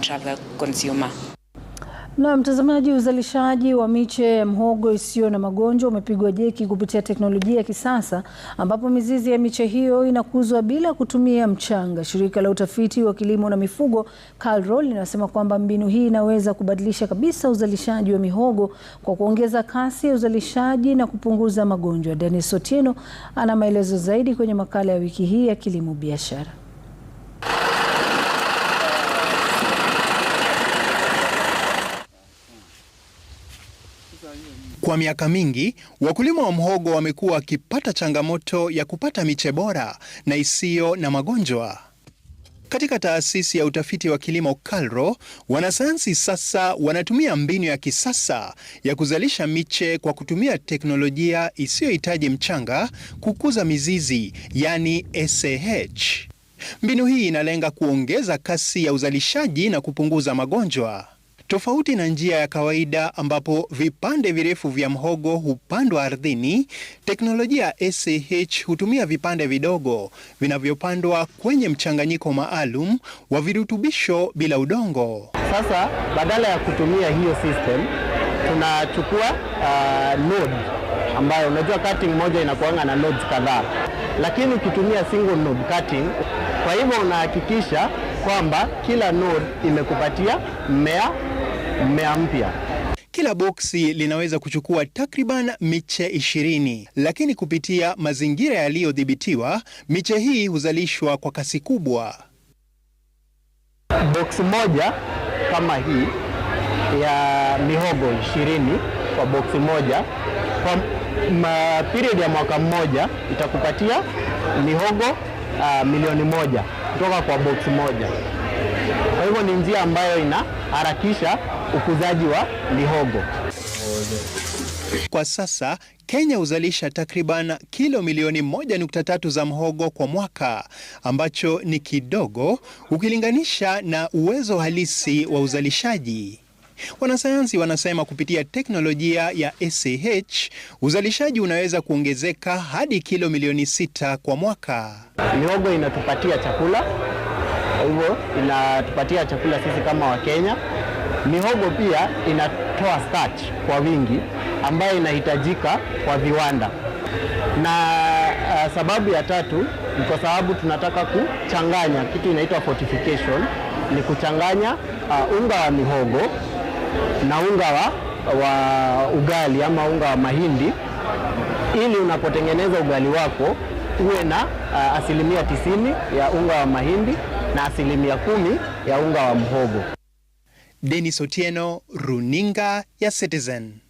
travel consumer. Na mtazamaji, uzalishaji wa miche ya mhogo isiyo na magonjwa umepigwa jeki kupitia teknolojia ya kisasa ambapo mizizi ya miche hiyo inakuzwa bila kutumia mchanga. Shirika la utafiti wa kilimo na mifugo KALRO linasema kwamba mbinu hii inaweza kubadilisha kabisa uzalishaji wa mihogo kwa kuongeza kasi ya uzalishaji na kupunguza magonjwa. Dennis Otieno ana maelezo zaidi kwenye makala ya wiki hii ya Kilimo Biashara. Kwa miaka mingi wakulima wa mhogo wamekuwa wakipata changamoto ya kupata miche bora na isiyo na magonjwa. Katika taasisi ya utafiti wa kilimo KALRO, wanasayansi sasa wanatumia mbinu ya kisasa ya kuzalisha miche kwa kutumia teknolojia isiyohitaji mchanga kukuza mizizi, yani SAH. Mbinu hii inalenga kuongeza kasi ya uzalishaji na kupunguza magonjwa. Tofauti na njia ya kawaida ambapo vipande virefu vya mhogo hupandwa ardhini, teknolojia ya SAH hutumia vipande vidogo vinavyopandwa kwenye mchanganyiko maalum wa virutubisho bila udongo. Sasa badala ya kutumia hiyo system tunachukua uh, node ambayo unajua cutting moja inakuanga na nodes kadhaa, lakini ukitumia single node cutting, kwa hivyo unahakikisha kwamba kila node imekupatia mmea mmea mpya. Kila boksi linaweza kuchukua takriban miche ishirini, lakini kupitia mazingira yaliyodhibitiwa miche hii huzalishwa kwa kasi kubwa. Boksi moja kama hii ya mihogo ishirini kwa boksi moja kwa period ya mwaka mmoja itakupatia mihogo uh, milioni moja kutoka kwa boksi moja. Kwa hivyo ni njia ambayo inaharakisha ukuzaji wa mihogo. Kwa sasa Kenya huzalisha takriban kilo milioni 1.3 za mhogo kwa mwaka, ambacho ni kidogo ukilinganisha na uwezo halisi wa uzalishaji. Wanasayansi wanasema kupitia teknolojia ya ACH uzalishaji unaweza kuongezeka hadi kilo milioni sita kwa mwaka. Mihogo inatupatia chakula kwa hivyo inatupatia chakula sisi kama Wakenya. Mihogo pia inatoa starch kwa wingi ambayo inahitajika kwa viwanda, na uh, sababu ya tatu ni kwa sababu tunataka kuchanganya kitu inaitwa fortification, ni kuchanganya uh, unga wa mihogo na unga wa, wa ugali ama unga wa mahindi ili unapotengeneza ugali wako uwe na uh, asilimia tisini ya unga wa mahindi na asilimia kumi ya unga wa mhogo. denis Otieno, Runinga ya Citizen.